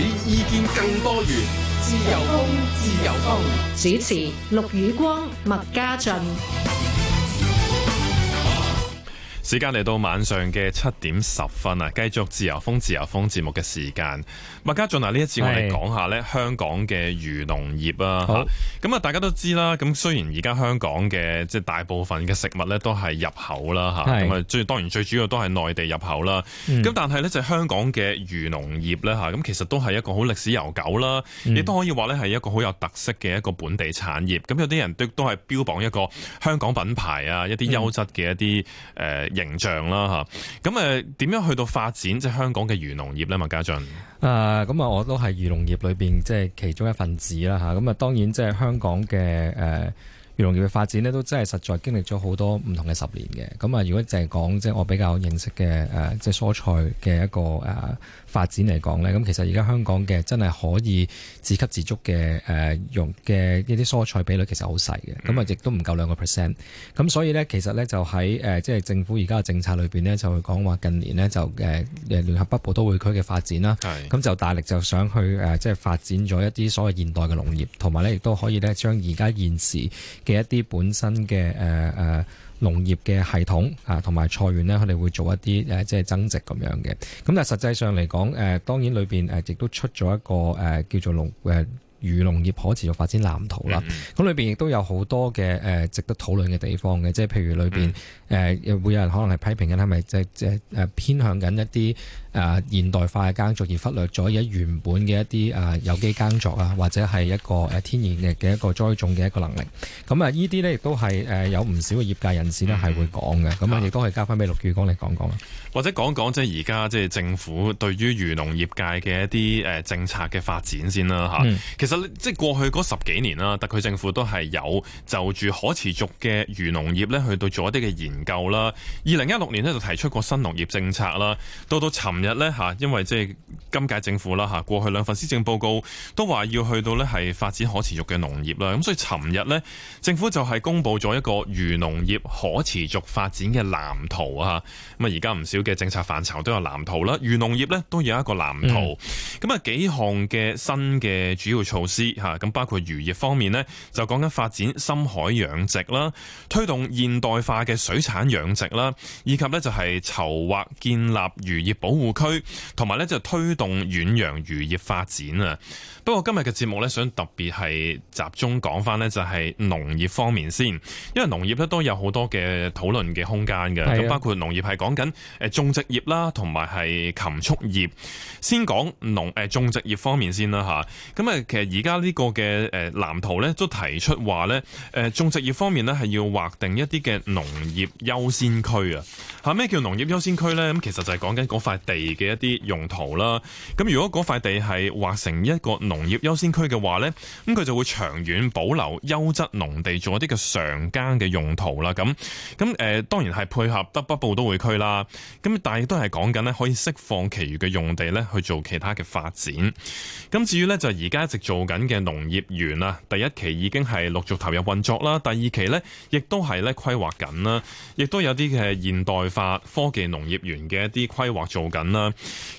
你意見更多元，自由風，自由風。主持：陸宇光、麥家俊。時間嚟到晚上嘅七點十分啊，繼續自由風自由風節目嘅時間。麥嘉俊啊，呢一次我哋講下咧香港嘅漁農業啊，嚇咁啊，大家都知啦。咁雖然而家香港嘅即係大部分嘅食物咧都係入口啦，嚇咁啊，最當然最主要都係內地入口啦。咁、嗯、但係咧就香港嘅漁農業咧嚇，咁其實都係一個好歷史悠久啦，亦、嗯、都可以話咧係一個好有特色嘅一個本地產業。咁有啲人都都係標榜一個香港品牌啊，一啲優質嘅一啲誒。嗯形象啦吓，咁誒點樣去到發展即係香港嘅漁農業咧？麥家俊，誒咁啊，我都係漁農業裏邊即係其中一份子啦吓，咁啊當然即係香港嘅誒。呃農業嘅發展呢都真係實在經歷咗好多唔同嘅十年嘅。咁啊，如果淨係就係講即係我比較認識嘅誒，即、啊、係、即係、蔬菜嘅一個誒、啊、發展嚟講呢，咁其實而家香港嘅真係可以自給自足嘅誒用嘅一啲蔬菜比率其實好細嘅。咁啊，亦都唔夠兩個 percent。咁所以呢，其實呢就喺誒即係政府而家嘅政策裏邊呢，就會講話近年呢就誒聯、啊、合北部都會區嘅發展啦。咁就大力就想去誒即係發展咗一啲所謂現代嘅農業，同埋呢亦都可以呢將而家現時嘅一啲本身嘅誒誒農業嘅系統啊，同埋菜園咧，佢哋會做一啲誒、呃、即係增值咁樣嘅。咁但實際上嚟講，誒、呃、當然裏邊誒亦都出咗一個誒、呃、叫做農誒、呃、漁農業可持續發展藍圖啦。咁、啊、裏邊亦都有好多嘅誒、呃、值得討論嘅地方嘅，即係譬如裏邊誒、嗯呃、會有人可能係批評緊，就是，係咪即係即係誒偏向緊一啲。誒現代化嘅耕作而忽略咗一原本嘅一啲誒有機耕作啊，或者係一個誒天然嘅嘅一個栽種嘅一個能力。咁啊，依啲呢，亦都係誒有唔少嘅業界人士呢係會講嘅。咁、嗯、啊，亦都係交翻俾陸柱光嚟講講啦。或者講講即係而家即係政府對於漁農業界嘅一啲誒政策嘅發展先啦嚇、嗯。其實即係過去嗰十幾年啦，特區政府都係有就住可持續嘅漁農業咧去到做一啲嘅研究啦。二零一六年呢，就提出過新農業政策啦，到到尋。琴日咧嚇，因為即係今屆政府啦嚇，過去兩份施政報告都話要去到咧係發展可持續嘅農業啦。咁所以尋日咧，政府就係公布咗一個漁農業可持續發展嘅藍圖啊。咁啊，而家唔少嘅政策範疇都有藍圖啦，漁農業咧都有一個藍圖。咁、嗯、啊，幾項嘅新嘅主要措施嚇，咁包括漁業方面咧，就講緊發展深海養殖啦，推動現代化嘅水產養殖啦，以及咧就係籌劃建立漁業保護區同埋咧就推動遠洋漁業發展啊！不過今日嘅節目咧，想特別係集中講翻咧，就係、是、農業方面先，因為農業咧都有好多嘅討論嘅空間嘅。咁、啊、包括農業係講緊誒種植業啦，同埋係禽畜業。先講農誒種植業方面先啦吓。咁啊，其實而家呢個嘅誒藍圖咧，都提出話咧，誒、呃、種植業方面咧係要劃定一啲嘅農業優先區啊。吓咩叫農業優先區咧？咁其實就係講緊嗰塊地。嘅一啲用途啦，咁如果嗰塊地係劃成一個農業優先區嘅話咧，咁佢就會長遠保留優質農地做一啲嘅常耕嘅用途啦。咁，咁誒，當然係配合得北部都會區啦。咁，但係亦都係講緊咧，可以釋放其餘嘅用地咧去做其他嘅發展。咁至於咧，就而家一直做緊嘅農業園啊，第一期已經係陸續投入運作啦，第二期咧亦都係咧規劃緊啦，亦都有啲嘅現代化科技農業園嘅一啲規劃做緊。啦，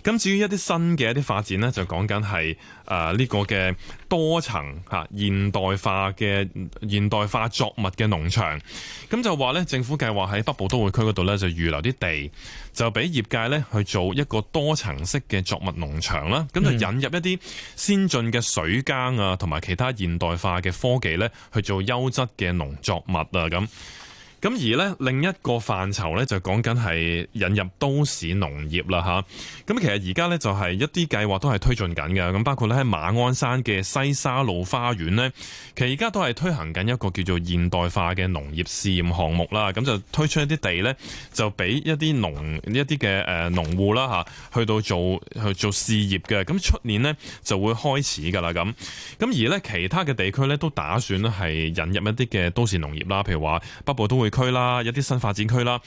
咁至於一啲新嘅一啲發展呢，就講緊係誒呢個嘅多層吓、啊、現代化嘅現代化作物嘅農場，咁就話呢，政府計劃喺北部都會區嗰度呢，就預留啲地，就俾業界呢去做一個多層式嘅作物農場啦，咁就引入一啲先進嘅水耕啊，同埋其他現代化嘅科技呢，去做優質嘅農作物啊咁。咁而咧，另一個範疇咧就講緊係引入都市農業啦，吓，咁其實而家咧就係一啲計劃都係推進緊嘅，咁包括咧喺馬鞍山嘅西沙路花園咧，其實而家都係推行緊一個叫做現代化嘅農業試驗項目啦。咁就推出一啲地咧，就俾一啲農一啲嘅誒農戶啦吓去到做去做事業嘅。咁出年咧就會開始噶啦，咁咁而咧其他嘅地區咧都打算咧係引入一啲嘅都市農業啦，譬如話北部都會。區啦，一啲新發展區啦，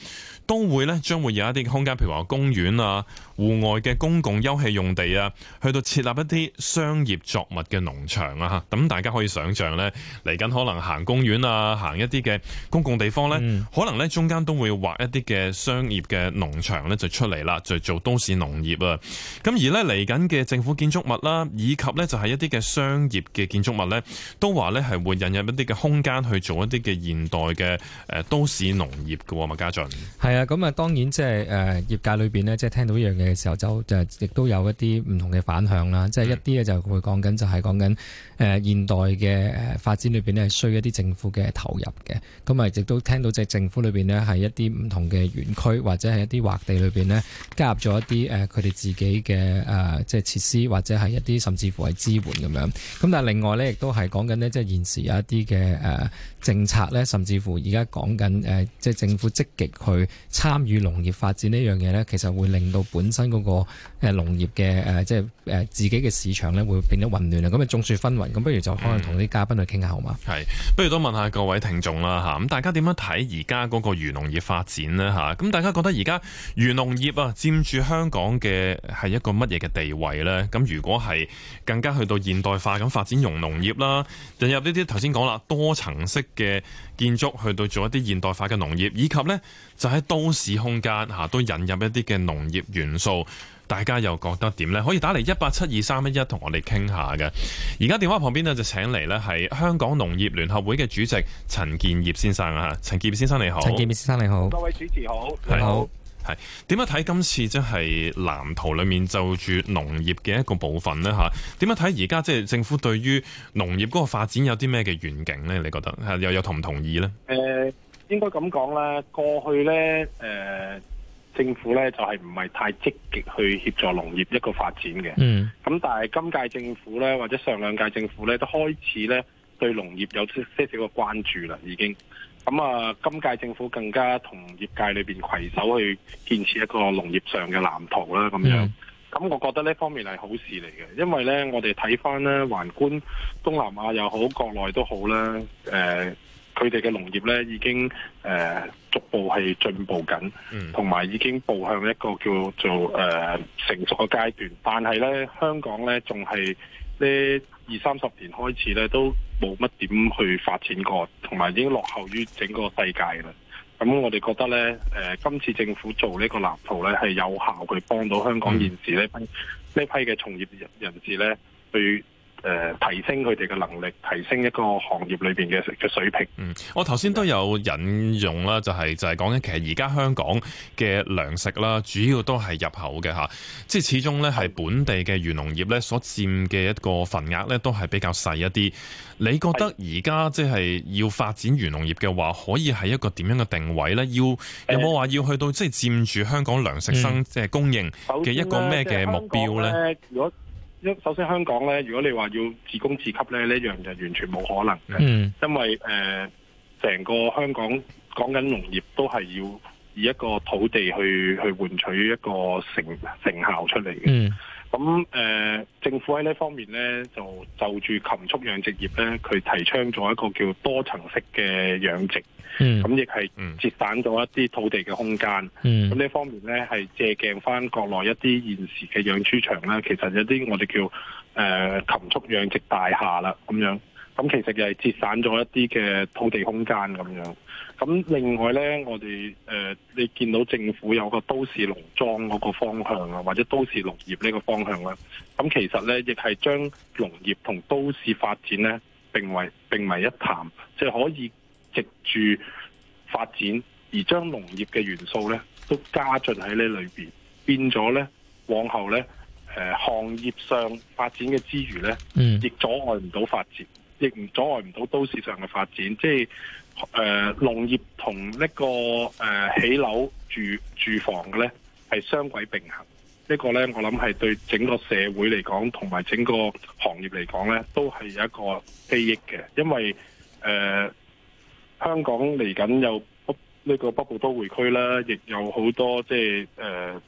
都會呢將會有一啲空間，譬如話公園啊。戶外嘅公共休憩用地啊，去到設立一啲商業作物嘅農場啊，吓，咁大家可以想象咧，嚟緊可能行公園啊，行一啲嘅公共地方咧、嗯，可能咧中間都會劃一啲嘅商業嘅農場咧就出嚟啦，就做都市農業啊。咁而咧嚟緊嘅政府建築物啦，以及咧就係一啲嘅商業嘅建築物咧，都話咧係會引入一啲嘅空間去做一啲嘅現代嘅誒都市農業㗎。麥家俊係啊，咁啊，當然即係誒業界裏邊咧，即係聽到呢樣嘢。嘅時候就就亦都有一啲唔同嘅反響啦，即係一啲咧就會講緊就係講緊誒現代嘅誒發展裏邊咧，係需要一啲政府嘅投入嘅。咁啊，亦都聽到即係政府裏邊咧係一啲唔同嘅園區或者係一啲劃地裏邊咧，加入咗一啲誒佢哋自己嘅誒、呃、即係設施或者係一啲甚至乎係支援咁樣，咁但係另外咧，亦都係講緊咧，即係現時有一啲嘅誒政策咧，甚至乎而家講緊誒即係政府積極去參與農業發展呢樣嘢咧，其實會令到本新、那、嗰個誒農業嘅誒即係誒自己嘅市場咧，會變得混亂啊！咁啊，眾說紛紜，咁不如就可能同啲嘉賓去傾下好嗎？係、嗯、不如都問下各位聽眾啦吓，咁大家點樣睇而家嗰個漁農業發展咧吓，咁大家覺得而家漁農業啊，佔住香港嘅係一個乜嘢嘅地位咧？咁如果係更加去到現代化咁發展漁農業啦，引入呢啲頭先講啦多層式嘅建築去到做一啲現代化嘅農業，以及咧就喺都市空間吓都引入一啲嘅農業元素。大家又覺得點呢？可以打嚟一八七二三一一同我哋傾下嘅。而家電話旁邊呢，就請嚟呢係香港農業聯合會嘅主席陳建業先生啊。陳建業先生你好，陳建業先生你好，各位主持好，你好，係點樣睇今次即係藍圖裏面就住農業嘅一個部分呢？吓，點樣睇而家即係政府對於農業嗰個發展有啲咩嘅願景呢？你覺得又有同唔同意呢？誒、呃，應該咁講啦，過去呢。誒、呃。政府咧就係唔係太積極去協助農業一個發展嘅，咁、mm-hmm. 但係今屆政府咧或者上兩屆政府咧都開始咧對農業有些少嘅關注啦，已經。咁、嗯、啊，今屆政府更加同業界裏邊攜手去建設一個農業上嘅藍圖啦，咁樣。咁、mm-hmm. 我覺得呢方面係好事嚟嘅，因為咧我哋睇翻咧，環觀東南亞又好，國內都好啦，呃佢哋嘅農業咧已經誒、呃、逐步係進步緊，同埋已經步向一個叫做誒、呃、成熟嘅階段。但係咧，香港咧仲係呢二三十年開始咧都冇乜點去發展過，同埋已經落後於整個世界啦。咁我哋覺得咧，誒、呃、今次政府做呢個藍圖咧係有效去幫到香港現時呢呢批嘅從業人人士咧去。誒、呃、提升佢哋嘅能力，提升一個行業裏邊嘅嘅水平。嗯，我頭先都有引用啦，就係、是、就係、是、講緊其實而家香港嘅糧食啦，主要都係入口嘅吓，即係始終咧，係本地嘅漁農業咧，所佔嘅一個份額咧，都係比較細一啲。你覺得而家即係要發展漁農業嘅話，可以係一個點樣嘅定位咧？要有冇話要去到即係、就是、佔住香港糧食生即係、嗯就是、供應嘅一個咩嘅目標咧？首先香港咧，如果你話要自供自給咧，呢樣就完全冇可能嘅，因為誒，成個香港講緊農業都係要以一個土地去去換取一個成成效出嚟嘅。嗯咁誒、呃，政府喺呢方面咧，就就住禽畜養殖業咧，佢提倡咗一個叫多層式嘅養殖，咁亦係節省咗一啲土地嘅空間。咁、嗯、呢方面咧，係借鏡翻國內一啲現時嘅養豬場啦，其實有啲我哋叫誒禽畜養殖大廈啦咁樣。咁其實又係節省咗一啲嘅土地空間，咁樣。咁另外呢，我哋誒、呃、你見到政府有個都市農莊嗰個方向啊，或者都市農業呢個方向啊。咁其實呢，亦係將農業同都市發展呢並為並為一談，即係可以藉住發展而將農業嘅元素呢都加進喺呢裏面。變咗呢，往後呢，呃、行業上發展嘅之餘呢，亦阻礙唔到發展，亦唔阻礙唔到都市上嘅發展，即係。誒、呃，農業同呢、這個誒、呃、起樓住住房嘅咧，係雙軌並行。這個、呢個咧，我諗係對整個社會嚟講，同埋整個行業嚟講咧，都係有一個裨益嘅。因為誒、呃，香港嚟緊有呢個北部都會區啦，亦有好多即係誒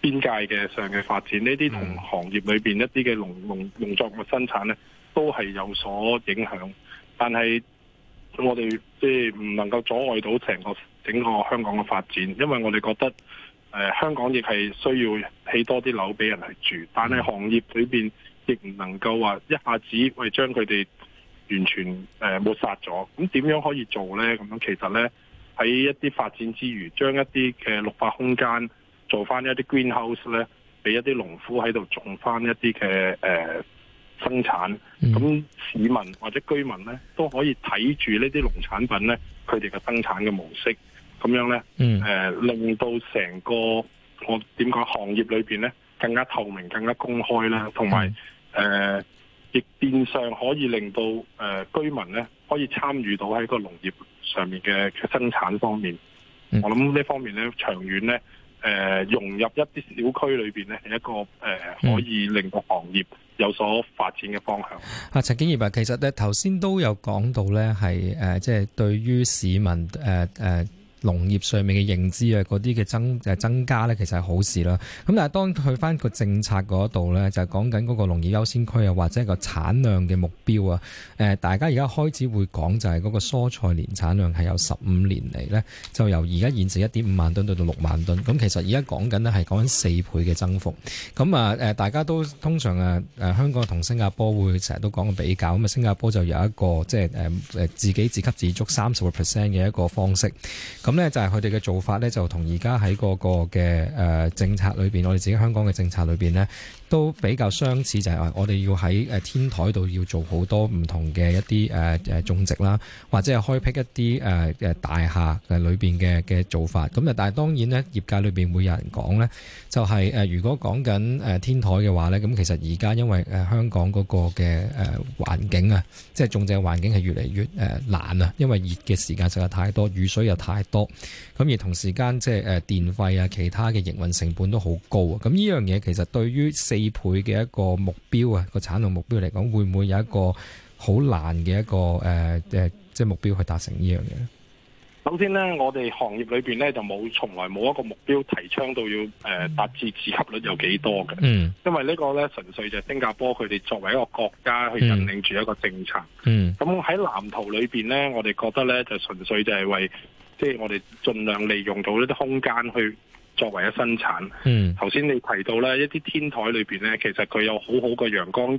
邊界嘅上嘅發展。呢啲同行業裏邊一啲嘅農農農作物生產咧，都係有所影響。但係我哋即係唔能夠阻礙到成個整個香港嘅發展，因為我哋覺得誒、呃、香港亦係需要起多啲樓俾人嚟住，但係行業裏邊亦唔能夠話一下子喂將佢哋完全誒抹殺咗。咁、呃、點樣可以做咧？咁樣其實咧，喺一啲發展之餘，將一啲嘅綠化空間做翻一啲 greenhouse 咧，俾一啲農夫喺度種翻一啲嘅誒。呃生、嗯、咁市民或者居民咧都可以睇住呢啲農產品咧，佢哋嘅生產嘅模式咁樣咧、嗯呃，令到成個我點講行業裏邊咧更加透明、更加公開啦，同埋誒，亦變相可以令到誒、呃、居民咧可以參與到喺個農業上面嘅生產方面。嗯、我諗呢方面咧長遠咧誒、呃，融入一啲小區裏邊咧係一個誒、呃，可以令到行業有所發展嘅方向啊，陳健業啊，其實咧頭先都有講到咧，係誒，即、呃係、對於市民、呃呃農業上面嘅認知啊，嗰啲嘅增誒增加呢，其實係好事啦。咁但係當去翻個政策嗰度呢，就係、是、講緊嗰個農業優先區啊，或者個產量嘅目標啊、呃，大家而家開始會講就係嗰個蔬菜年產量係有十五年嚟呢，就由而家現時一點五萬噸到六萬噸。咁其實而家講緊呢，係講緊四倍嘅增幅。咁啊誒大家都通常啊誒香港同新加坡會成日都講個比較，咁啊新加坡就有一個即係、就是、自己自給自足三十個 percent 嘅一個方式。咁咧就係佢哋嘅做法咧，就同而家喺嗰個嘅誒政策裏邊，我哋自己香港嘅政策裏邊咧。都比較相似，就係話我哋要喺誒天台度要做好多唔同嘅一啲誒誒種植啦，或者係開闢一啲誒誒大廈嘅裏邊嘅嘅做法。咁啊，但係當然咧，業界裏邊會有人講咧，就係誒如果講緊誒天台嘅話咧，咁其實而家因為誒香港嗰個嘅誒環境啊，即係種植嘅環境係越嚟越誒難啊，因為熱嘅時間實在太多，雨水又太多，咁而同時間即係誒電費啊，其他嘅營運成本都好高啊。咁呢樣嘢其實對於四二倍嘅一個目標啊，個產能目標嚟講，會唔會有一個好難嘅一個誒誒，即、呃、係、就是、目標去達成呢樣嘢？首先咧，我哋行業裏邊咧就冇從來冇一個目標提倡到要誒達、呃、至自給率有幾多嘅。嗯，因為這個呢個咧純粹就係新加坡佢哋作為一個國家去引領住一個政策。嗯，咁、嗯、喺藍圖裏邊咧，我哋覺得咧就純粹就係為即係、就係、我哋盡量利用到呢啲空間去。作為一生產，頭先你提到咧一啲天台裏邊咧，其實佢有好好嘅陽光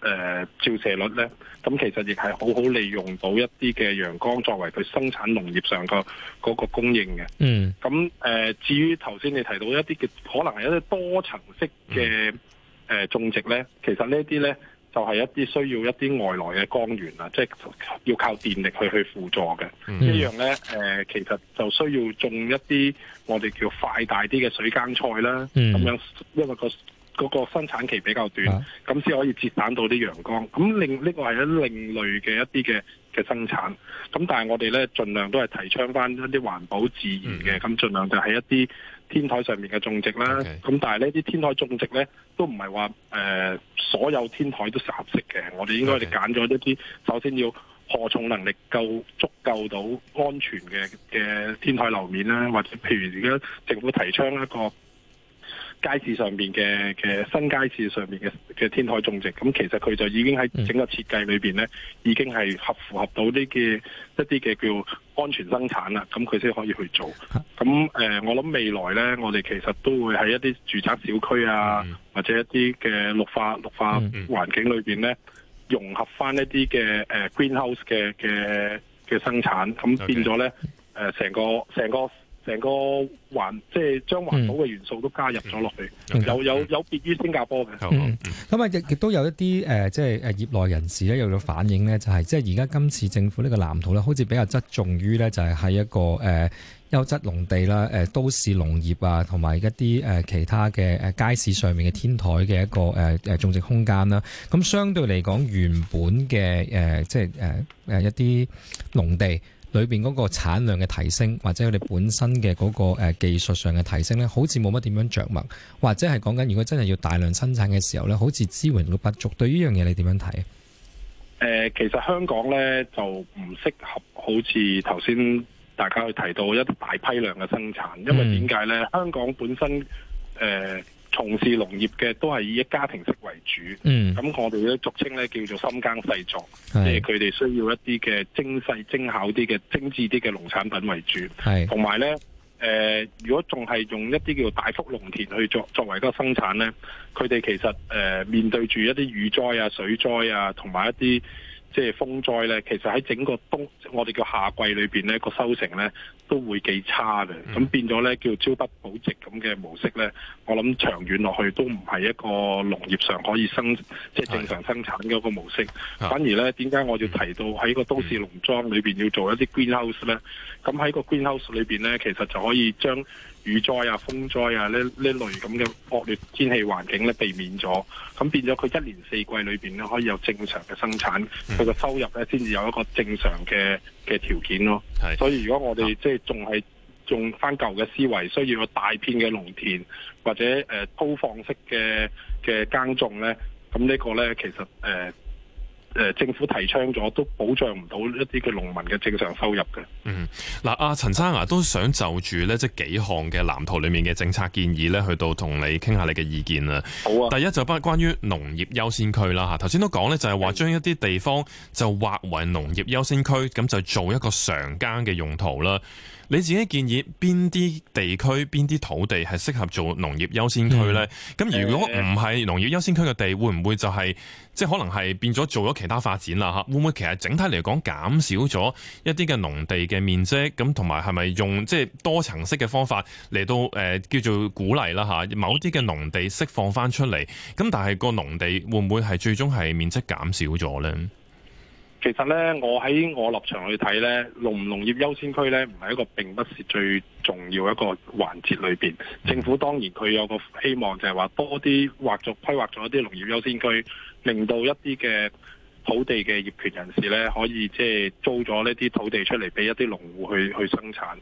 誒照射率咧，咁其實亦係好好利用到一啲嘅陽光作為佢生產農業上個嗰供應嘅。嗯，咁誒至於頭先你提到一啲嘅可能係一啲多層式嘅誒種植咧，其實呢啲咧。就係、是、一啲需要一啲外來嘅光源啊，即、就、係、是、要靠電力去去輔助嘅、mm-hmm. 一樣咧。誒、呃，其實就需要種一啲我哋叫快大啲嘅水耕菜啦，咁、mm-hmm. 樣，因為個。嗰個生產期比較短，咁、啊、先可以節省到啲陽光。咁另呢個係一另類嘅一啲嘅嘅生產。咁但係我哋咧，盡量都係提倡返一啲環保自然嘅，咁、嗯、盡量就係一啲天台上面嘅種植啦。咁、嗯 okay. 但係呢啲天台種植咧都唔係話誒所有天台都適合適嘅。我哋應該哋揀咗一啲，okay. 首先要荷重能力夠足夠到安全嘅嘅天台樓面啦，或者譬如而家政府提倡一個，街市上邊嘅嘅新街市上邊嘅嘅天台種植，咁其實佢就已經喺整個設計裏邊咧、嗯，已經係合符合到呢嘅一啲嘅叫安全生產啦，咁佢先可以去做。咁誒、呃、我諗未來咧，我哋其實都會喺一啲住宅小區啊、嗯，或者一啲嘅綠化綠化環境裏邊咧，融合翻一啲嘅誒 greenhouse 嘅嘅嘅生產，咁變咗咧誒成個成、okay. 呃、個。成個環即係將環保嘅元素都加入咗落去，嗯、有有有別於新加坡嘅。咁、嗯、啊，亦亦都有一啲誒，即係誒業內人士咧有咗反映咧，就係、是、即係而家今次政府呢個藍圖咧，好似比較側重於咧，就係、是、喺一個誒優質農地啦、誒、呃、都市農業啊，同埋一啲誒、呃、其他嘅誒街市上面嘅天台嘅一個誒誒、呃呃、種植空間啦。咁相對嚟講，原本嘅誒即係誒誒一啲農地。裏邊嗰個產量嘅提升，或者佢哋本身嘅嗰個技術上嘅提升咧，好似冇乜點樣着墨，或者係講緊如果真係要大量生產嘅時候咧，好似資源嘅不足對於。對呢樣嘢你點樣睇？誒，其實香港咧就唔適合，好似頭先大家去提到一大批量嘅生產，因為點解咧？香港本身誒。呃從事農業嘅都係以一家庭式為主，咁、嗯、我哋都俗稱咧叫做深耕細作，即係佢哋需要一啲嘅精細、精巧啲嘅、精緻啲嘅農產品為主，同埋咧誒，如果仲係用一啲叫大幅農田去作作為一個生產咧，佢哋其實誒、呃、面對住一啲雨災啊、水災啊，同埋一啲。即係風災咧，其實喺整個冬，我哋叫夏季裏面咧，個收成咧都會幾差嘅。咁變咗咧，叫朝不保夕咁嘅模式咧，我諗長遠落去都唔係一個農業上可以生，即係正常生產嘅一個模式。反而咧，點解我要提到喺個都市農莊裏面要做一啲 greenhouse 咧？咁喺個 greenhouse 裏面咧，其實就可以將。雨災啊、風災啊，呢呢類咁嘅惡劣天氣環境咧，避免咗，咁變咗佢一年四季裏邊咧，可以有正常嘅生產，佢個收入咧，先至有一個正常嘅嘅條件咯。係、嗯，所以如果我哋即係仲係用翻舊嘅思維，需要大片嘅農田或者誒粗放式嘅嘅耕種咧，咁呢個咧其實誒。呃政府提倡咗都保障唔到一啲嘅農民嘅正常收入嘅。嗯，嗱，呃，阿陳生啊，都想就住呢即幾項嘅藍圖裏面嘅政策建議呢去到同你傾下你嘅意見啦。好啊。第一就係關於農業優先區啦嚇，頭先都講呢就係話將一啲地方就劃為農業優先區，咁就做一個常耕嘅用途啦。你自己建議邊啲地區、邊啲土地係適合做農業優先區呢？咁、嗯、如果唔係農業優先區嘅地，會唔會就係、是、即係可能係變咗做咗其他發展啦？嚇，會唔會其實整體嚟講減少咗一啲嘅農地嘅面積？咁同埋係咪用即係多層式嘅方法嚟到誒叫做鼓勵啦？嚇，某啲嘅農地釋放翻出嚟，咁但係個農地會唔會係最終係面積減少咗呢？其實咧，我喺我立場去睇咧，農唔農業優先區咧，唔係一個並不是最重要一個環節裏面。政府當然佢有個希望就，就係話多啲劃咗規劃咗一啲農業優先區，令到一啲嘅土地嘅業權人士咧，可以即係租咗呢啲土地出嚟俾一啲農戶去去生產。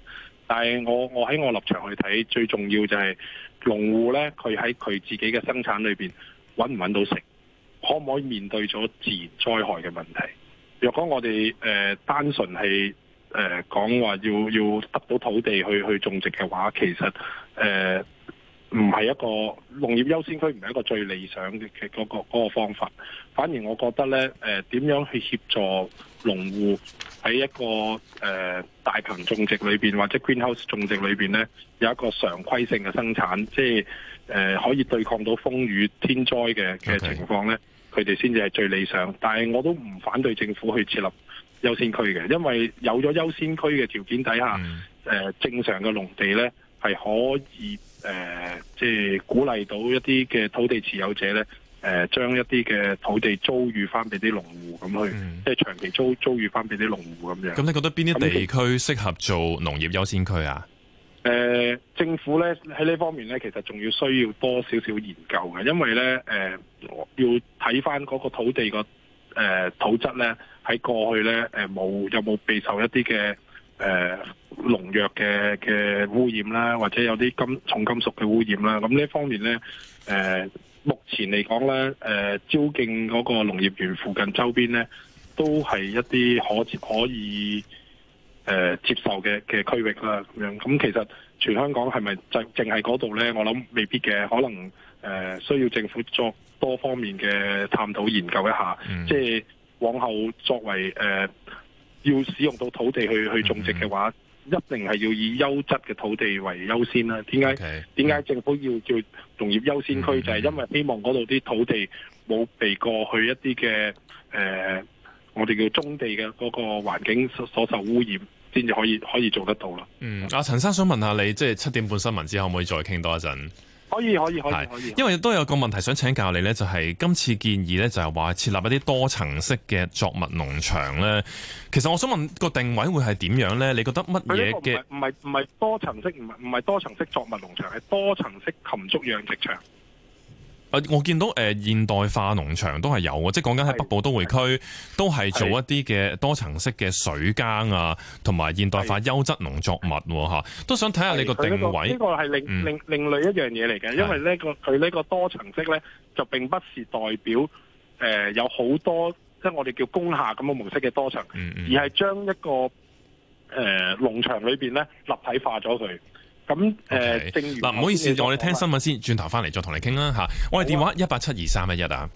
但係我我喺我立場去睇，最重要就係、是、農戶咧，佢喺佢自己嘅生產裏面揾唔揾到食，可唔可以面對咗自然災害嘅問題？若果我哋誒、呃、單純係誒、呃、講話要要得到土地去去種植嘅話，其實誒唔係一個農業優先區，唔係一個最理想嘅、嗰個嗰個、方法。反而我覺得咧，誒、呃、點樣去協助農戶喺一個、呃、大棚種植裏面，或者 greenhouse 種植裏面咧，有一個常規性嘅生產，即係、呃、可以對抗到風雨天災嘅嘅情況咧。Okay. 佢哋先至係最理想，但係我都唔反對政府去設立優先區嘅，因為有咗優先區嘅條件底下，誒、嗯、呃、正常嘅農地咧係可以誒、呃、即係鼓勵到一啲嘅土地持有者咧，誒、呃、將一啲嘅土地租予翻俾啲農戶咁去，嗯、即係長期租租予翻俾啲農戶咁樣，咁你覺得邊啲地區適合做農業優先區啊？誒、呃，政府咧喺呢在這方面咧，其實仲要需要多少少研究嘅，因為咧，誒、呃，要睇返嗰個土地個誒、呃、土質咧，喺過去咧，誒、呃、冇有冇備受一啲嘅誒農藥嘅嘅污染啦，或者有啲金重金屬嘅污染啦，咁呢方面咧，誒、呃，目前嚟講咧，誒、呃，蕉徑嗰個農業園附近周邊咧，都係一啲可可以。誒、呃、接受嘅嘅區域啦，咁樣咁其實全香港係咪就淨係嗰度呢？我諗未必嘅，可能誒、呃、需要政府作多方面嘅探討研究一下。嗯、即係往後作為誒、呃、要使用到土地去去種植嘅話嗯嗯，一定係要以優質嘅土地為優先啦、啊。點解點解政府要叫農業優先區？嗯嗯嗯就係、是、因為希望嗰度啲土地冇被過去一啲嘅誒、呃我哋叫棕地嘅嗰個環境所受污染，先至可以可以做得到啦。嗯，阿陳生想問下你，即係七點半新聞之後，可唔可以再傾多一陣？可以，可以，可以，可以。因為都有個問題想請教你咧，就係今次建議咧，就係話設立一啲多層式嘅作物農場咧。其實我想問個定位會係點樣咧？你覺得乜嘢嘅？唔係唔係多層式，唔係唔係多層式作物農場，係多層式禽畜養殖場。啊！我見到誒現代化農場都係有即係講緊喺北部都會區，是是都係做一啲嘅多層式嘅水耕啊，同埋現代化優質農作物嚇、啊，都想睇下你個定位。呢、呢個係、呢個、另另、嗯、另類一樣嘢嚟嘅，因為呢、呢個佢呢個多層式呢，就並不是代表誒、呃、有好多即係、就是、我哋叫工廈咁嘅模式嘅多層，嗯、而係將一個誒、呃、農場裏面呢立體化咗佢。咁誒，嗱，okay，唔好意思，我哋聽新聞先，轉頭翻嚟再同你傾啦嚇。我哋電話一八七二三一一啊。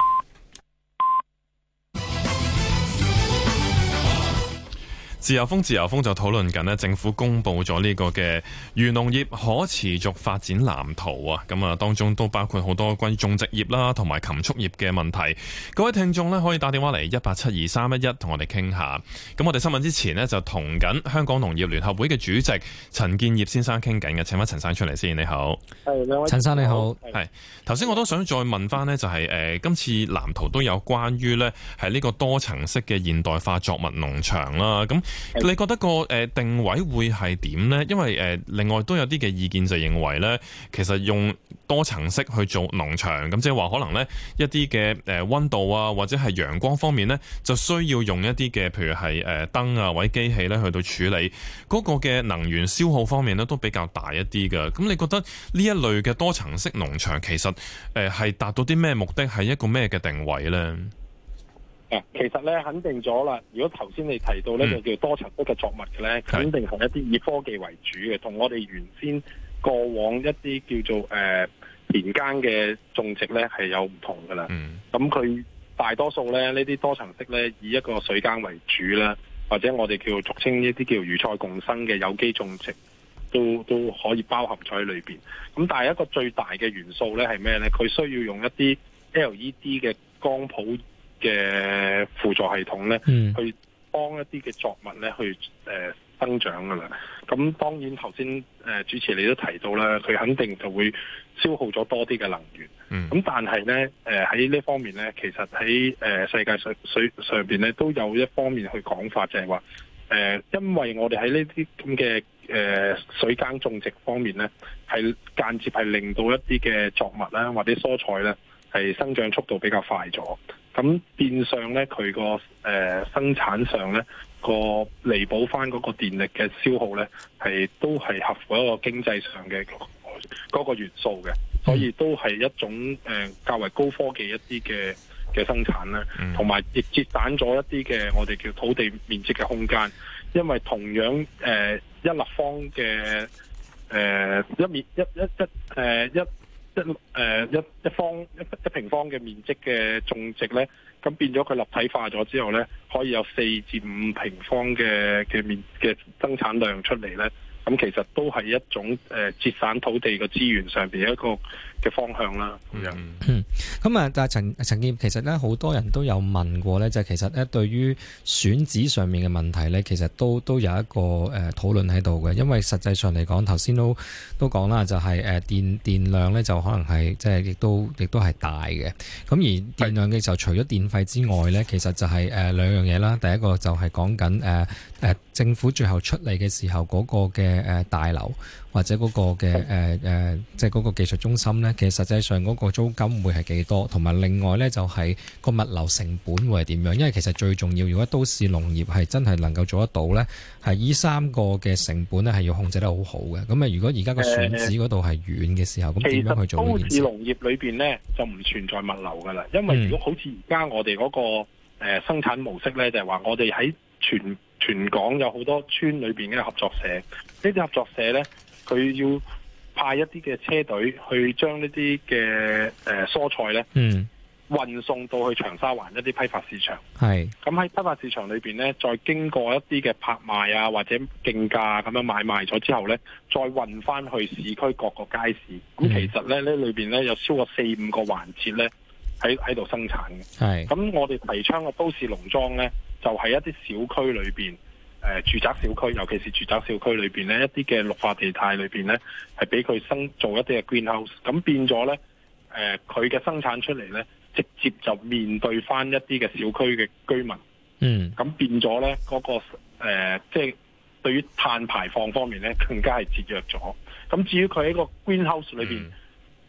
自由風，自由風就討論緊政府公布咗呢個嘅漁農業可持續發展藍圖啊！咁啊，當中都包括好多關於種植業啦，同埋禽畜業嘅問題。各位聽眾呢，可以打電話嚟一八七二三一一，同我哋傾下。咁我哋新聞之前呢，就同緊香港農業聯合會嘅主席陳健業先生傾緊嘅，請翻陳生出嚟先。你好，係，你好，陳生你好。係，頭先我都想再問翻呢、就是，就係誒，今次藍圖都有關於呢，係呢個多層式嘅現代化作物農場啦，咁。你覺得個誒定位會係點呢？因為誒、呃，另外都有啲嘅意見就認為呢，其實用多層式去做農場，咁即係話可能呢一啲嘅誒溫度啊，或者係陽光方面呢，就需要用一啲嘅，譬如係誒燈啊，或者機器咧去到處理嗰、那個嘅能源消耗方面呢，都比較大一啲嘅。咁你覺得呢一類嘅多層式農場，其實誒係達到啲咩目的，係一個咩嘅定位呢？啊，其實咧肯定咗啦。如果頭先你提到呢個、嗯、叫多層式嘅作物嘅咧，肯定係一啲以科技為主嘅，同我哋原先過往一啲叫做誒田、呃、間嘅種植咧係有唔同㗎啦。咁、嗯、佢大多數咧呢啲多層式咧以一個水耕為主啦，或者我哋叫俗稱一啲叫魚菜共生嘅有機種植都都可以包含咗喺裏面。咁但係一個最大嘅元素咧係咩咧？佢需要用一啲 LED 嘅光譜。嘅輔助系統咧、嗯，去幫一啲嘅作物咧去誒、呃、生長噶啦。咁當然頭先誒主持你都提到啦，佢肯定就會消耗咗多啲嘅能源。咁、嗯、但係咧誒喺呢、呃、方面咧，其實喺誒、呃、世界上水上邊咧都有一方面去講法就，就係話誒，因為我哋喺呢啲咁嘅誒水耕種植方面咧，係間接係令到一啲嘅作物啦，或者蔬菜咧。係生長速度比較快咗，咁變相咧，佢個誒生產上咧個彌補翻嗰個電力嘅消耗咧，係都係合乎一個經濟上嘅嗰個元素嘅，所以都係一種誒、呃、較為高科技一啲嘅嘅生產啦，同埋亦節省咗一啲嘅我哋叫土地面積嘅空間，因為同樣誒、呃、一立方嘅誒、呃、一面一一一一。一一呃一一誒一、呃、一方一一平方嘅面積嘅種植咧，咁變咗佢立體化咗之後咧，可以有四至五平方嘅嘅面嘅生產量出嚟咧。咁其實都係一種誒節省土地嘅資源上邊一個嘅方向啦，咁、嗯、樣。咁、嗯、啊、嗯，但係陳陳健其實咧，好多人都有問過咧，就是、其實咧對於選址上面嘅問題咧，其實都都有一個誒、呃、討論喺度嘅，因為實際上嚟講，頭先都都講啦，就係、是、誒、呃、電電量咧就可能係即係亦都亦都係大嘅。咁而電量嘅時候，除咗電費之外咧，其實就係、是、誒、呃、兩樣嘢啦。第一個就係講緊誒、呃、政府最後出嚟嘅時候嗰個嘅。嘅、呃、誒大樓或者嗰個嘅誒誒，即係嗰個技術中心咧，其實實際上嗰個租金會係幾多，同埋另外咧就係、是、個物流成本會係點樣？因為其實最重要，如果都市農業係真係能夠做得到咧，係依三個嘅成本咧係要控制得很好好嘅。咁啊，如果而家個選址嗰度係遠嘅時候，咁點樣去做呢件事？都市農業裏邊咧就唔存在物流噶啦，因為如果好似而家我哋嗰個誒生產模式咧，就係、是、話我哋喺全。全港有好多村裏邊嘅合作社，呢啲合作社咧，佢要派一啲嘅車隊去將呢啲嘅蔬菜咧，運、嗯、送到去長沙環一啲批發市場，係，咁喺批發市場裏邊咧，再經過一啲嘅拍賣啊，或者競價咁樣買賣咗之後咧，再運翻去市區各個街市。咁、嗯、其實咧，裡面呢裏邊咧有超過四五個環節咧。喺喺度生產嘅。係咁我哋提倡嘅都市農莊咧，就喺一啲小區裏面，呃，住宅小區，尤其是住宅小區裏面咧，一啲嘅綠化地態裏面咧，係俾佢生做一啲嘅 greenhouse，咁變咗咧，誒佢嘅生產出嚟咧，直接就面對翻一啲嘅小區嘅居民，嗯，咁變咗咧嗰個即係、呃即係、對於碳排放方面咧，更加係節約咗。咁至於佢喺個 greenhouse 裏面。嗯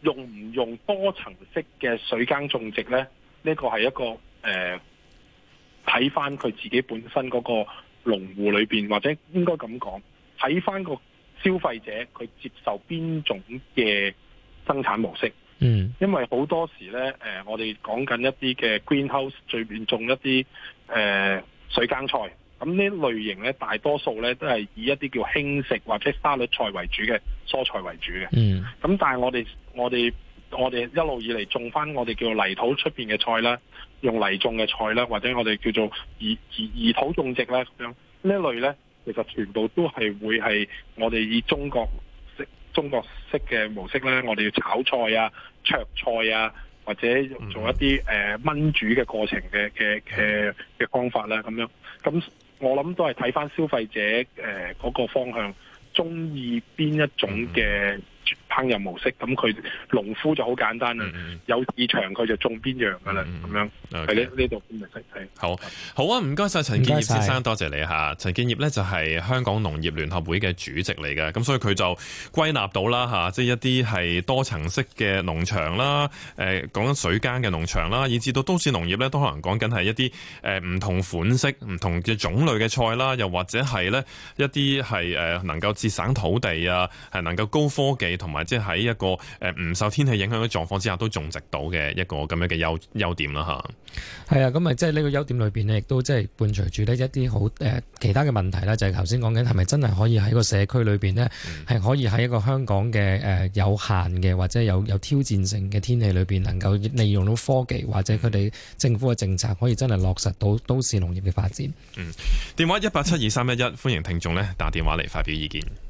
用唔用多層式嘅水耕種植呢？呢個係一個誒，睇返佢自己本身嗰個農戶裏邊，或者應該咁講，睇返個消費者佢接受邊種嘅生產模式。嗯，因為好多時呢，誒、呃、我哋講緊一啲嘅 greenhouse 最便種一啲誒、呃、水耕菜，咁呢類型呢，大多數呢都係以一啲叫輕食或者沙律菜為主嘅。蔬菜為主嘅，咁但係我哋我哋我哋一路以嚟種翻我哋叫泥土出邊嘅菜啦，用泥種嘅菜啦，或者我哋叫做移移移土種植咧，咁樣，呢一類咧，其實全部都係會係我哋以中國式中國式嘅模式咧，我哋要炒菜啊、灼菜啊，或者做一啲誒燜煮嘅過程嘅嘅嘅嘅方法啦，咁樣，咁我諗都係睇翻消費者誒嗰、呃嗰個方向。中意邊一種嘅？烹飪模式，咁佢農夫就好簡單啦，嗯嗯。有市場佢就種邊樣噶啦，咁，嗯嗯，樣喺呢呢度分析好好啊！唔該晒。陳建業先生，多謝你吓。陳建業呢，就係香港農業聯合會嘅主席嚟嘅，咁所以佢就歸納到啦吓，即係一啲係多層式嘅農場啦，誒講緊水耕嘅農場啦，以至到都市農業呢，都可能講緊係一啲誒唔同款式，唔同嘅種類嘅菜啦，又或者係呢，一啲係誒能夠節省土地啊，係能夠高科技同埋。即係喺一個誒唔受天氣影響嘅狀況之下，都種植到嘅一個咁樣嘅優優點啦吓。係啊，咁啊，即係呢個優點裏邊咧，亦都即係伴隨住呢一啲好誒其他嘅問題啦。就係頭先講緊，係咪真係可以喺個社區裏邊呢？係可以喺一個香港嘅誒有限嘅或者有有挑戰性嘅天氣裏邊，能夠利用到科技或者佢哋政府嘅政策，可以真係落實到都市農業嘅發展。嗯，電話一八七二三一一，歡迎聽眾呢打電話嚟發表意見。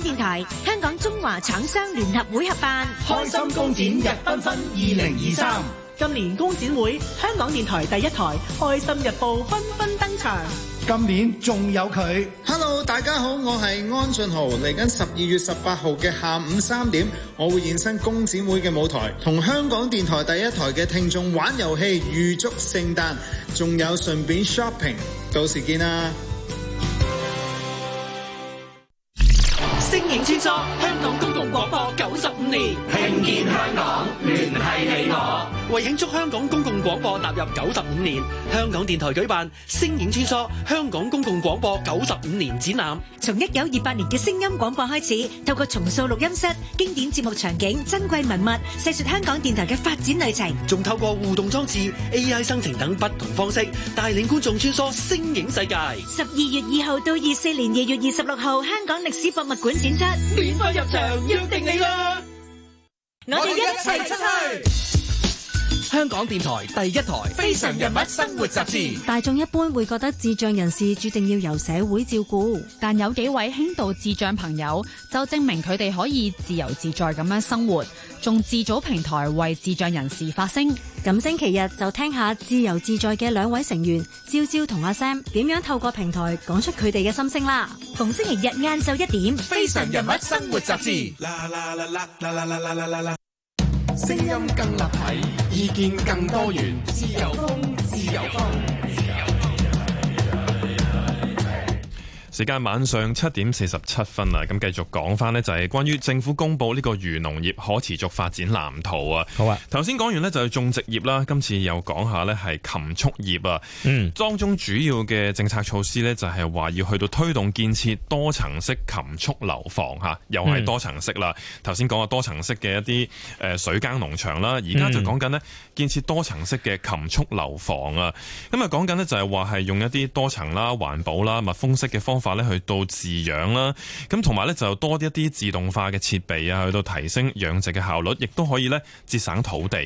電台、香港中華廠商聯合會合辦開心公展日紛紛二零二三，今年公展會香港電台第一台開心日報紛紛登場，今年仲有佢。Hello，大家好，我係安俊豪，嚟緊十二月十八號嘅下午三點，我會現身公展會嘅舞台，同香港電台第一台嘅聽眾玩遊戲，預祝聖誕，仲有順便 shopping，到時見啦。為慶祝香港公共廣播踏入九十五年，香港電台舉辦《聲影穿梭香港公共廣播九十五年展覽》，從一九二八年嘅聲音廣播開始，透過重塑錄音室、經典節目場景、珍貴文物，細說香港電台嘅發展旅程，仲透過互動裝置、AI 生成等不同方式，帶領觀眾穿梭聲影世界。十二月二號到二四年二月二十六號，香港歷史博物館展出，免費入場，約定你啦！我哋一齊出去。香港電台第一台《非常人物生活雜誌》，大眾一般會覺得智障人士注定要由社會照顧，但有幾位輕度智障朋友就證明佢哋可以自由自在咁樣生活，仲自組平台為智障人士發聲。咁星期日就聽下自由自在嘅兩位成員朝朝同阿 Sam 點樣透過平台講出佢哋嘅心聲啦。逢星期日晏晝一點，《非常人物生活雜誌》。聲音更立體，意見更多元，自由風。時間晚上七點四十七分啦，咁繼續講翻呢，就係關於政府公布呢個漁農業可持續發展藍圖啊。好啊，頭先講完呢，就係種植業啦，今次又講下呢，係禽畜業啊。嗯，當中主要嘅政策措施呢，就係話要去到推動建設多層式禽畜樓房嚇，又係多層式啦。頭先講過多層式嘅一啲誒水耕農場啦，而家就講緊呢，建設多層式嘅禽畜樓房啊。咁啊講緊呢，就係話係用一啲多層啦、環保啦、密封式嘅方法。話咧去到自養啦，咁同埋咧就多啲一啲自動化嘅設備啊，去到提升養殖嘅效率，亦都可以咧節省土地。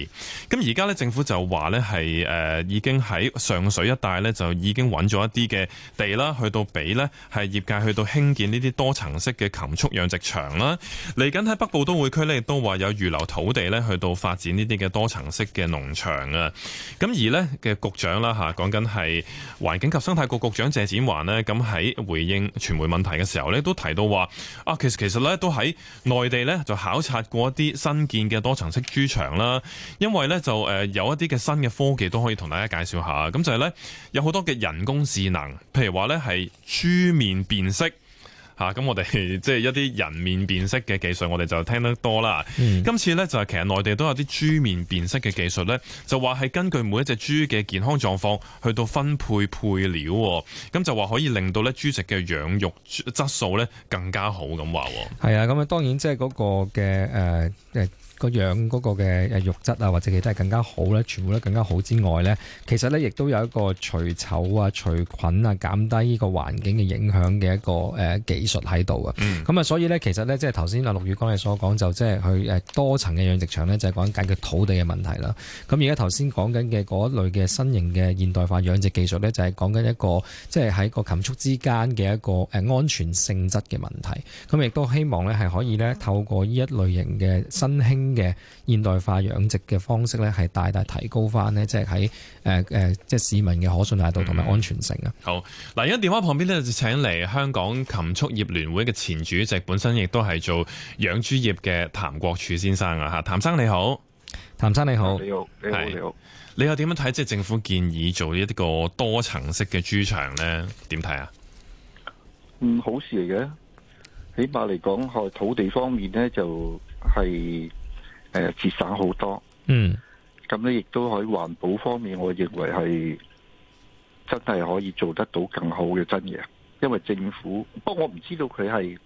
咁而家咧政府就話咧係誒已經喺上水一帶咧就已經揾咗一啲嘅地啦，去到俾咧係業界去到興建呢啲多層式嘅禽畜養殖場啦。嚟緊喺北部都會區咧亦都話有預留土地咧去到發展呢啲嘅多層式嘅農場啊。咁而咧嘅局長啦吓，講緊係環境及生態局，局局長謝展環咧，咁喺回應。傳媒問題嘅時候咧，都提到話啊，其實其實咧都喺內地咧就考察過一啲新建嘅多層式豬場啦，因為咧就誒、呃、有一啲嘅新嘅科技都可以同大家介紹下，咁就係咧有好多嘅人工智能，譬如話咧係豬面辨識。吓、啊，咁我哋即係一啲人面辨識嘅技術，我哋就聽得多啦，嗯。今次咧就係其實內地都有啲豬面辨識嘅技術咧，就話係根據每一隻豬嘅健康狀況去到分配配料，咁就話可以令到咧豬食嘅養肉質素咧更加好咁話。係啊，咁啊，當然即係嗰個嘅誒、呃呃養個養嗰個嘅誒肉質啊，或者其他係更加好咧，全部都更加好之外咧，其實咧亦都有一個除臭啊、除菌啊、減低呢個環境嘅影響嘅一個誒技術喺度啊。咁、嗯、啊，所以咧，其實咧，即係頭先啊陸宇剛你所講，就即係佢誒多層嘅養殖場咧，就係、是、講緊解決土地嘅問題啦。咁而家頭先講緊嘅嗰一類嘅新型嘅現代化養殖技術咧，就係、是、講緊一個即係喺個禽畜之間嘅一個誒安全性質嘅問題。咁亦都希望咧係可以咧透過呢一類型嘅新興嘅現代化養殖嘅方式咧，係大大提高翻呢，即係喺誒誒，即係市民嘅可信賴度同埋安全性啊、嗯！好，嗱，而家電話旁邊呢，就請嚟香港禽畜業聯會嘅前主席，本身亦都係做養豬業嘅譚國柱先生啊！嚇，譚生你好，譚生你好，你好，你好，你好，你又點樣睇即係政府建議做一啲個多層式嘅豬場呢？點睇啊？嗯，好事嚟嘅，起碼嚟講喺土地方面呢、就係，就係。誒，節省好多。嗯，咁咧亦都喺環保方面，我認為係真係可以做得到更好嘅真嘢。因為政府，不過我唔知道佢係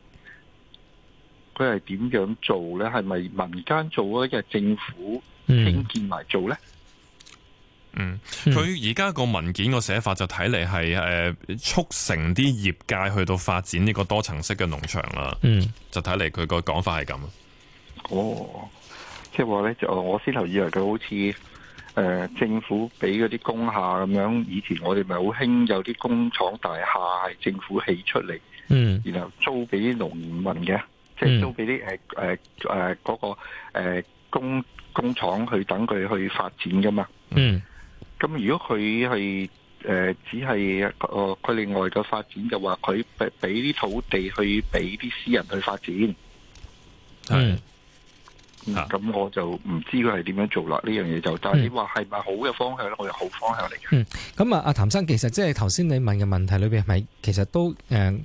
佢係點樣做呢？係咪民間做啊？定係政府興、嗯、建埋做呢？佢而家個文件個寫法就睇嚟係促成啲業界去到發展呢個多層式嘅農場啦。嗯，就睇嚟佢個講法係咁。哦。即係話咧，就是、我先頭以為佢好似誒、呃、政府俾嗰啲工廈咁樣，以前我哋咪好興有啲工廠大廈，係政府起出嚟，嗯，然後租俾啲農民嘅，即、就、係、是、租俾啲誒誒誒嗰個誒、呃、工工廠去等佢去發展噶嘛，嗯，咁如果佢係誒只係個佢另外嘅發展就話，佢俾俾啲土地去俾啲私人去發展，係、嗯。咁、嗯、我就唔知佢係點樣做啦，呢樣嘢就，但係你話係咪好嘅方向呢？我係好方向嚟嘅。嗯，咁、嗯、啊，阿譚生，其實即係頭先你問嘅問題裏面，係咪其實都即係、呃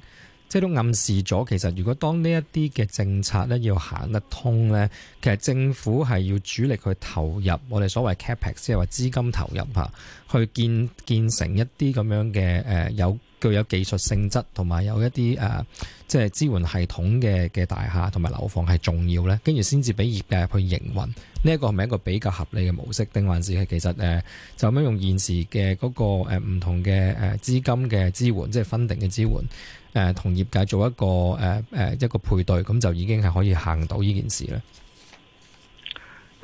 就是、都暗示咗，其實如果當呢一啲嘅政策咧要行得通咧，其實政府係要主力去投入我哋所謂 capex，即係話資金投入吓，去建建成一啲咁樣嘅誒、呃、有。具有技術性質同埋有一啲誒、呃，即係支援系統嘅嘅大廈同埋樓房係重要嘅呢，跟住先至俾業界去營運。呢一個係咪一個比較合理嘅模式，定還是係其實誒、呃，就咁樣用現時嘅嗰、嗰個唔、呃、同嘅誒資金嘅支援，即係 funding 嘅支援誒，同、呃、業界做一個誒誒、呃、一個配對，咁就已經係可以行到呢件事呢？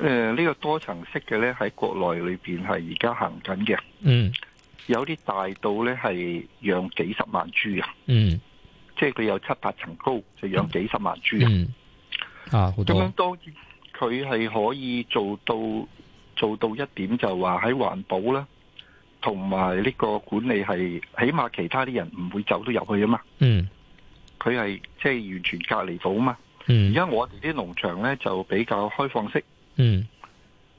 誒、呃，呢、呢個多層式嘅呢，喺國內裏邊係而家行緊嘅，嗯。有啲大到呢，係養幾十萬豬啊！嗯，即係佢有七八層高，就養幾十萬豬、嗯、啊！咁樣當然佢係可以做到做到一點就是在，就話喺環保啦，同埋呢個管理係，起碼其他啲人唔會走到入去啊嘛。嗯，佢係即係完全隔離到嘛。嗯、而家我哋啲農場呢，就比較開放式。嗯。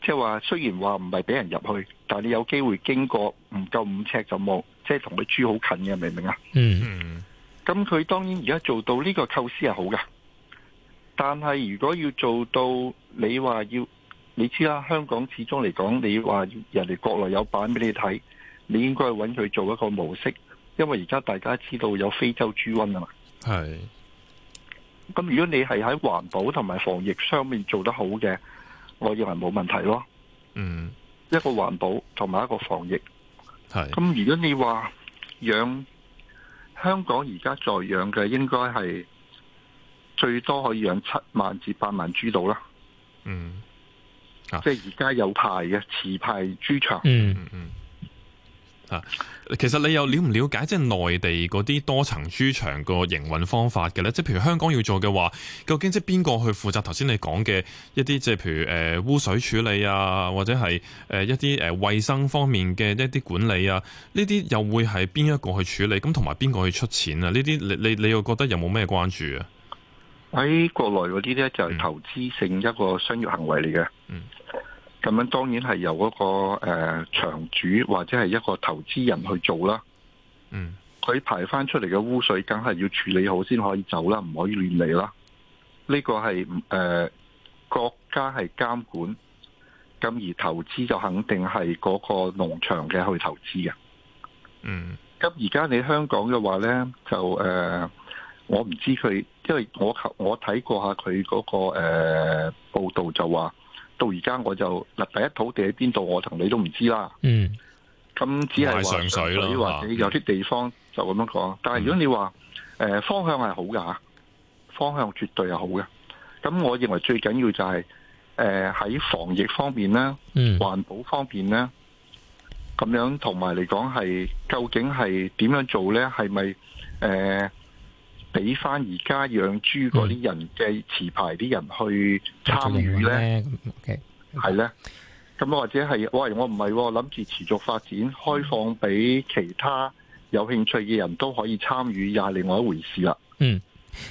即係話，雖然話唔係俾人入去，但係你有機會經過唔夠五尺就冇，即係同啲豬好近嘅，明唔明啊？嗯嗯，咁佢當然而家做到呢個構思係好嘅，但係如果要做到你話要，你知啦，香港始終嚟講，你話人哋國內有版俾你睇，你應該去揾佢做一個模式，因為而家大家知道有非洲豬瘟啊嘛，係。咁如果你係喺環保同埋防疫上面做得好嘅。我認為冇問題咯。嗯，一個環保同埋一個防疫。係。咁如果你話養香港而家在，在養嘅應該係最多可以養七萬至八萬豬到啦。嗯。啊、即係而家有牌嘅持牌豬場。嗯嗯。嗯啊，其實你又了唔了解即係內地嗰啲多層豬場個營運方法嘅呢？即係譬如香港要做嘅話，究竟即係邊個去負責頭先你講嘅一啲即係譬如誒污水處理啊，或者係誒一啲誒衛生方面嘅一啲管理啊？呢啲又會係邊一個去處理？咁同埋邊個去出錢啊？呢啲你你你又覺得有冇咩關注啊？喺國內嗰啲呢，就係投資性一個商業行為嚟嘅。嗯。咁樣當然係由嗰個誒場主或者係一個投資人去做啦。嗯，佢排翻出嚟嘅污水，梗係要處理好先可以走啦，唔可以亂嚟啦。呢個係誒國家係監管，咁而投資就肯定係嗰個農場嘅去投資嘅。嗯，咁而家你香港嘅話咧，就誒，我唔知佢，因為我我睇過下佢嗰個誒報道就話。到而家我就嗱第一土地喺邊度，我同你都唔知啦。嗯，咁只係話，對話你有啲地方就咁樣講、嗯，但係如果你話、呃、方向係好㗎，方向絕對係好嘅。咁我認為最緊要就係誒喺防疫方面咧，嗯，環保方面咧，咁樣同埋嚟講係究竟係點樣做咧？係咪誒？呃俾翻而家養豬嗰啲人嘅、嗯、持牌啲人去參與呢？係、嗯、呢？係咁、嗯、或者係喂我唔係諗住持續發展、嗯、開放俾其他有興趣嘅人都可以參與，又係另外一回事啦。嗯，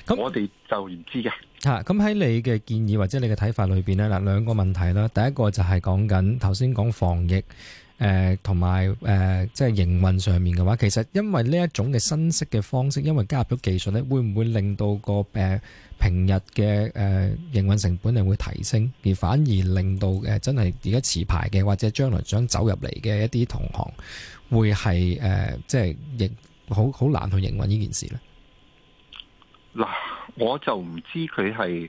咁我哋就唔知嘅。咁、啊、喺你嘅建議或者你嘅睇法裏面呢，嗱兩個問題啦。第一個就係講緊頭先講防疫。誒同埋誒即係營運上面嘅話，其實因為呢一種嘅新式嘅方式，因為加入咗技術咧，會唔會令到個誒、呃、平日嘅誒、呃、營運成本係會提升，而反而令到嘅、呃、真係而家持牌嘅或者將來想走入嚟嘅一啲同行，會係誒、呃、即係亦好好難去營運呢件事呢？嗱，我就唔知佢係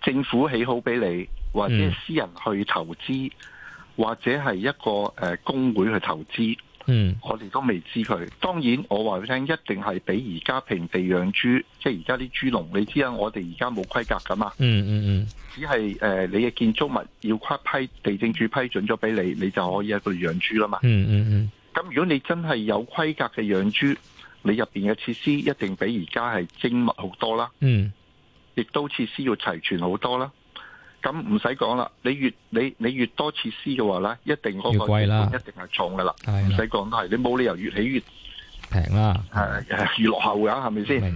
政府起好俾你，或者私人去投資。嗯或者係一個誒工會去投資，嗯，我哋都未知佢。當然，我話俾你聽，一定係比而家平地養豬，即係而家啲豬籠，你知啊，我哋而家冇規格噶嘛，嗯嗯嗯，只係誒、呃、你嘅建築物要批批地政處批准咗俾你，你就可以喺度養豬啦嘛，嗯嗯嗯。咁、嗯、如果你真係有規格嘅養豬，你入邊嘅設施一定比而家係精密好多啦，亦、嗯、都設施要齊全好多啦。咁唔使講啦，你越你你越多設施嘅話咧，一定嗰個一定係重嘅啦，唔使講都係，你冇理由越起越平啦、啊，越落娛樂後㗎係咪先？呢、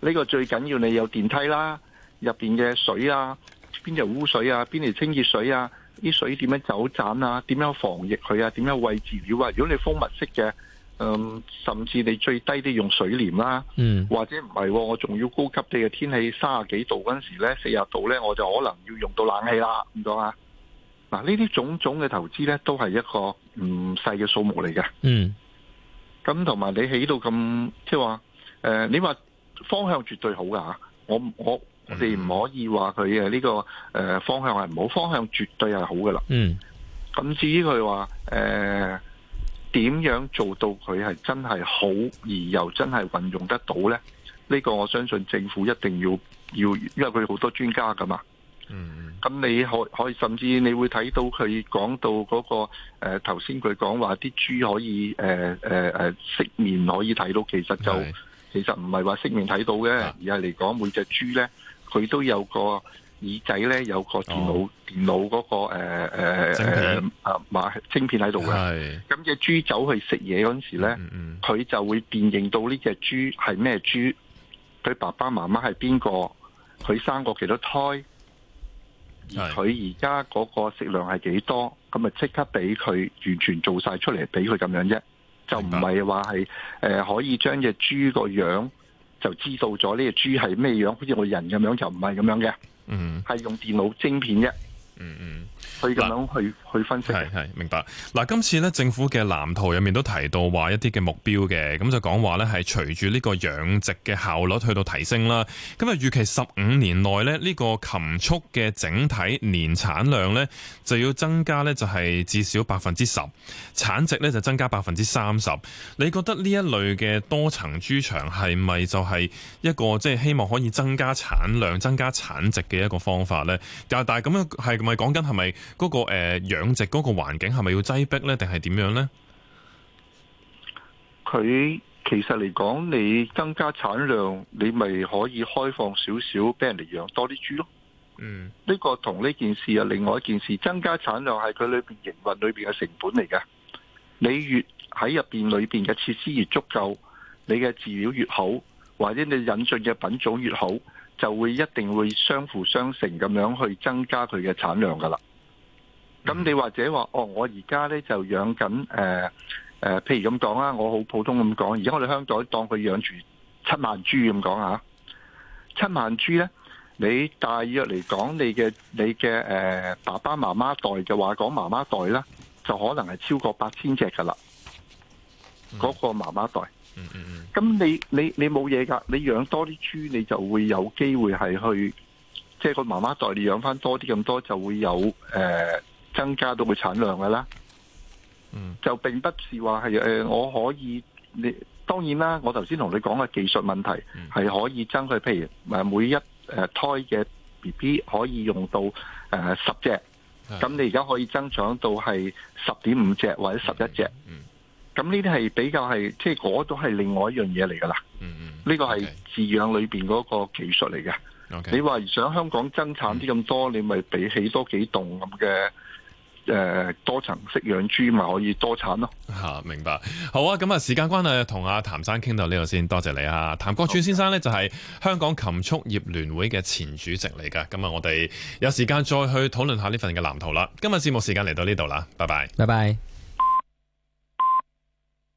呢個最緊要你有電梯啦，入面嘅水啊，邊啲污水啊，邊啲清潔水啊，啲水點樣走濾啊，點樣防疫佢啊，點樣維持嘅話，如果你封密式嘅。嗯，甚至你最低啲用水簾啦、啊嗯，或者唔係、哦，我仲要高級啲嘅天氣三十幾度嗰陣時咧，四十度咧，我就可能要用到冷氣啦，唔講啊。嗱，呢啲種種嘅投資咧，都係一個唔細嘅數目嚟嘅。嗯，咁同埋你起到咁即係話，誒、就是呃，你話方向絕對好噶，我我我哋唔可以話佢誒呢個誒、呃、方向係唔好，方向絕對係好噶啦。嗯，咁至於佢話誒。呃點樣做到佢係真係好，而又真係運用得到呢？呢個我相信政府一定要要，因為佢好多專家噶嘛。嗯，咁你可可以甚至你會睇到佢講到嗰個誒頭先佢講話啲豬可以誒誒誒識面可以睇到，其實就其實唔係話識面睇到嘅，而係嚟講每隻豬呢，佢都有個，耳仔咧有個電腦，oh. 電腦嗰、嗰個誒誒誒啊，晶片喺度嘅。咁、yes. 隻豬走去食嘢嗰陣時咧，佢、mm-hmm. 就會辨認到呢隻豬係咩豬，佢爸爸媽媽係邊個，佢生過幾多胎，佢、yes. 而家嗰個食量係幾多，咁咪即刻俾佢完全做晒出嚟俾佢咁樣啫，yes. 就唔係話係誒可以將隻豬個樣就知道咗呢隻豬係咩樣,樣，好似我人咁樣就唔係咁樣嘅。嗯，係 用電腦晶片啫。嗯嗯，可以咁樣去去分析，係，係明白。嗱，今次咧政府嘅藍圖入面都提到話一啲嘅目標嘅，咁就講話咧係隨住呢個養殖嘅效率去到提升啦。咁啊預期十五年內咧呢個禽畜嘅整體年產量咧就要增加咧就係至少百分之十，產值咧就增加百分之三十。你覺得呢一類嘅多層豬場係咪就係一個即係希望可以增加產量、增加產值嘅一個方法咧？但係咁樣係。唔係講緊係咪嗰個誒養、呃、殖嗰個環境係咪要擠逼呢？定係點樣呢？佢其實嚟講，你增加產量，你咪可以開放少少俾人哋養多啲豬咯。嗯，呢個同呢件事啊，另外一件事增加產量係佢裏邊營運裏邊嘅成本嚟㗎。你越喺入邊裏邊嘅設施越足夠，你嘅飼料越好，或者你引進嘅品種越好。就會一定會相輔相成咁樣去增加佢嘅產量噶啦。咁你或者話哦，我而家咧就養緊誒誒，譬如咁講啦，我好普通咁講，而家我哋香港當佢養住七萬豬咁講吓，七萬豬咧，你大約嚟講，你嘅你嘅誒爸爸媽媽代嘅話，講媽媽代咧，就可能係超過八千隻噶啦，嗰個媽媽代。嗯嗯嗯，咁你你你冇嘢噶，你養多啲豬，你就會有機會係去，即係個媽媽代你養翻多啲咁多，就會有誒、呃、增加到個產量噶啦。嗯，就並不是話係誒我可以，你當然啦，我頭先同你講嘅技術問題係、嗯、可以增佢，譬如誒每一誒胎嘅 B B 可以用到誒十隻，咁、呃、你而家可以增長到係十點五隻或者十一隻。嗯嗯嗯嗯。咁呢啲係比較係，即係嗰種係另外一樣嘢嚟噶啦。嗯嗯，呢個係飼養裏面嗰個技術嚟嘅。嗯、okay, 你話想香港增產啲咁多，嗯、你咪比起多幾棟咁嘅多層式養豬，咪可以多產咯，啊。明白。好啊，咁啊，時間關係，同阿譚生傾到呢度先，多謝你啊。譚國柱先生呢，okay. 就係香港禽畜業聯會嘅前主席嚟噶。咁啊，我哋有時間再去討論下呢份嘅藍圖啦。今日節目時間嚟到呢度啦，拜拜，拜拜。